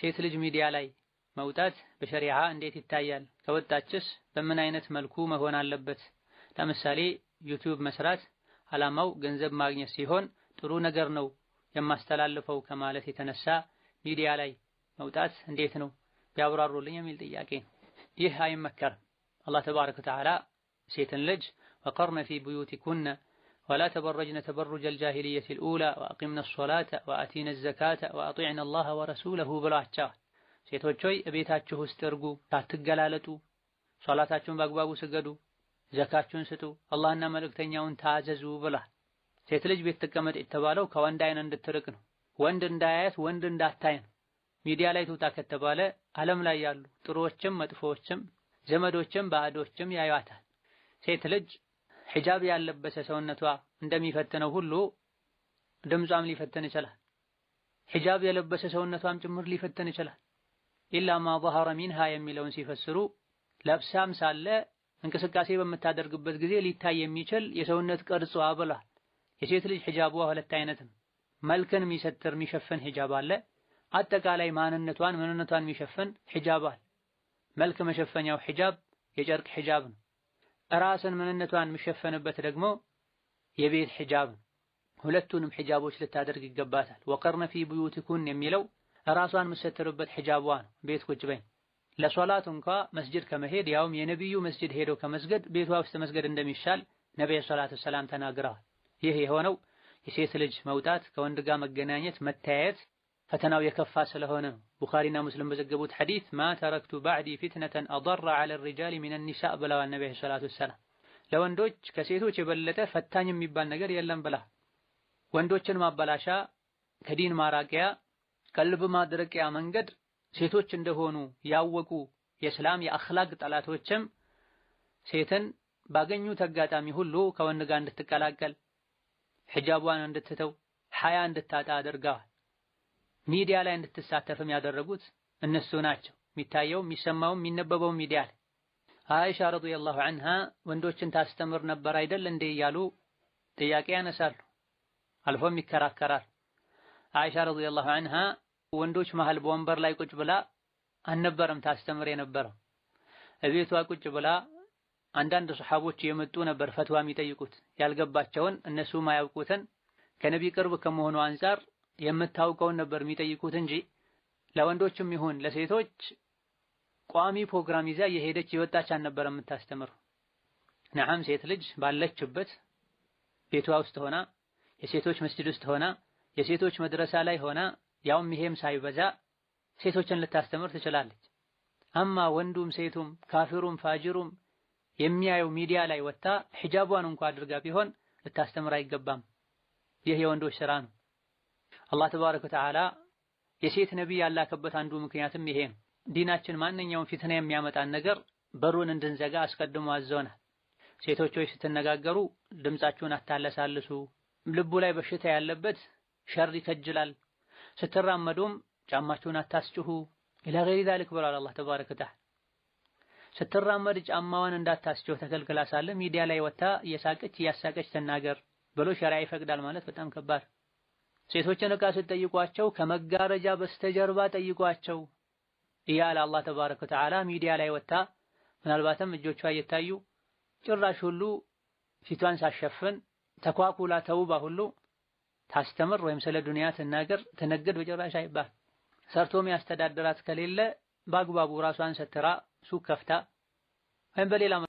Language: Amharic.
ሴት ልጅ ሚዲያ ላይ መውጣት በሸሪዓ እንዴት ይታያል? ከወጣችስ በምን አይነት መልኩ መሆን አለበት? ለምሳሌ ዩቲዩብ መስራት አላማው ገንዘብ ማግኘት ሲሆን ጥሩ ነገር ነው የማስተላልፈው ከማለት የተነሳ ሚዲያ ላይ መውጣት እንዴት ነው ቢያብራሩልኝ የሚል ጥያቄ። ይህ አይመከርም። አላህ ተባረከ ወተዓላ ሴትን ልጅ ወቀርነ ፊ ቡዩቲኩነ ወላ ተበረጅነ ተበሩጀ አልጃሂልየቲል ኡላ ወአቂምነ ሶላተ ወአቲነ ዘካተ ወአጢዕነ አላህ ወረሱለሁ ብሏቸዋል። ሴቶች ሆይ እቤታችሁ ውስጥ እርጉ፣ ታትገላለጡ፣ ሶላታችሁን በአግባቡ ስገዱ፣ ዘካችሁን ስጡ፣ አላህና መልእክተኛውን ታዘዙ ብሏል። ሴት ልጅ ቤት ትቀመጥ የተባለው ከወንድ አይን እንድትርቅ ነው። ወንድ እንዳያያት፣ ወንድ እንዳታይ ነው። ሚዲያ ላይ ትውጣ ከተባለ ዓለም ላይ ያሉ ጥሩዎችም መጥፎዎችም ዘመዶችም ባዕዶችም ያዩአታል። ሴት ልጅ ሒጃብ ያለበሰ ሰውነቷ እንደሚፈትነው ሁሉ ድምጿም ሊፈትን ይችላል። ሒጃብ የለበሰ ሰውነቷም ጭምር ሊፈትን ይችላል። ኢላ ማ ظهر ሚንሃ የሚለውን ሲፈስሩ ለብሳም ሳለ እንቅስቃሴ በምታደርግበት ጊዜ ሊታይ የሚችል የሰውነት ቅርጿ ብሏል። የሴት ልጅ ሒጃቧ ሁለት አይነትም፣ መልክን የሚሰትር የሚሸፍን ሒጃብ አለ። አጠቃላይ ማንነቷን ምንነቷን የሚሸፍን ሒጃብ አለ። መልክ መሸፈኛው ሒጃብ የጨርቅ ሒጃብ ነው። ራስን ምንነቷን የሚሸፈንበት ደግሞ የቤት ሒጃብ ነው። ሁለቱንም ሒጃቦች ልታደርግ ይገባታል። ወቀርነ ፊ ቡዩቲኩን የሚለው ራሷን የምትሰትርበት ሒጃቧ ነው። ቤት ቁጭ በይ። ለሶላት እንኳ መስጅድ ከመሄድ ያውም የነቢዩ መስጅድ ሄዶ ከመስገድ ቤቷ ውስጥ መስገድ እንደሚሻል ነቢዩ ሰላቱ ሰላም ተናግረዋል። ይህ የሆነው የሴት ልጅ መውጣት፣ ከወንድ ጋር መገናኘት፣ መተያየት ፈተናው የከፋ ስለሆነ ነው። ቡኻሪና ሙስሊም በዘገቡት ሐዲስ ማ ተረክቱ ባዕዲ ፊትነተን አضر على ሪጃሊ ሚነ ኒሳ ብለዋል ነብዩ ሰላቱ ዐለይሂ ለወንዶች ከሴቶች የበለጠ ፈታኝ የሚባል ነገር የለም ብላ ወንዶችን ማበላሻ ከዲን ማራቂያ ቀልብ ማድረቂያ መንገድ ሴቶች እንደሆኑ ያወቁ የእስላም የአኽላቅ ጠላቶችም ሴትን ባገኙት አጋጣሚ ሁሉ ከወንድ ጋር እንድትቀላቀል ሒጃቧን እንድትተው ሐያ እንድታጣ አድርገዋል። ሚዲያ ላይ እንድትሳተፍም ያደረጉት እነሱ ናቸው። የሚታየው የሚሰማውም የሚነበበው ሚዲያ ላይ አይሻ ረዲየላሁ አንሃ ወንዶችን ታስተምር ነበር አይደል እንዴ እያሉ ጥያቄ ያነሳሉ፣ አልፎም ይከራከራል። አይሻ ረዲየላሁ አንሃ ወንዶች መሃል በወንበር ላይ ቁጭ ብላ አልነበረም ታስተምር የነበረው እቤቷ ቁጭ ብላ አንዳንድ ሰሐቦች የመጡ ነበር ፈትዋ የሚጠይቁት ያልገባቸውን እነሱ ማያውቁትን ከነቢ ቅርብ ከመሆኑ አንጻር የምታውቀውን ነበር የሚጠይቁት እንጂ ለወንዶችም ይሁን ለሴቶች ቋሚ ፕሮግራም ይዛ የሄደች የወጣች አልነበር የምታስተምር። ነዓም ሴት ልጅ ባለችበት ቤቷ ውስጥ ሆና የሴቶች መስጂድ ውስጥ ሆና የሴቶች መድረሳ ላይ ሆና ያውም ይሄም ሳይበዛ ሴቶችን ልታስተምር ትችላለች። አማ ወንዱም ሴቱም ካፊሩም ፋጅሩም የሚያየው ሚዲያ ላይ ወጥታ ሒጃቧን እንኳ አድርጋ ቢሆን ልታስተምር አይገባም። ይህ የወንዶች ስራ ነው። አላህ ተባረከ ወተዓላ የሴት ነቢይ ያላከበት አንዱ ምክንያትም ይሄ ነው። ዲናችን ማንኛውም ፊትና የሚያመጣን ነገር በሩን እንድንዘጋ አስቀድሞ አዘውናል። ሴቶች ስትነጋገሩ ድምፃችሁን አታለሳልሱ። ልቡ ላይ በሽታ ያለበት ሸር ይከጅላል። ስትራመዱም ጫማችሁን አታስጭሁ። ኢላ ገይሪ ዛሊክ ብሏል አላህ ተባረከ ወተዓላ። ስትራመድ ጫማዋን እንዳታስጭሁ ተከልክላ ሳለ ሚዲያ ላይ ወጥታ እየሳቀች እያሳቀች ትናገር ብሎ ሸሪዓ ይፈቅዳል ማለት በጣም ከባድ ሴቶችን ዕቃ ስትጠይቋቸው ከመጋረጃ በስተጀርባ ጠይቋቸው እያለ አላህ ተባረከ ወተዓላ ሚዲያ ላይ ወጣ። ምናልባትም እጆቿ እየታዩ ጭራሽ ሁሉ ፊቷን ሳሸፍን ተኳኩላ ተውባ ሁሉ ታስተምር ወይም ስለ ዱንያ ትናገር ትነግድ በጭራሽ አይባል። ሰርቶ የሚያስተዳድራት ከሌለ በአግባቡ ራሷን ሰትራ ሱቅ ከፍታ ወይም በሌላ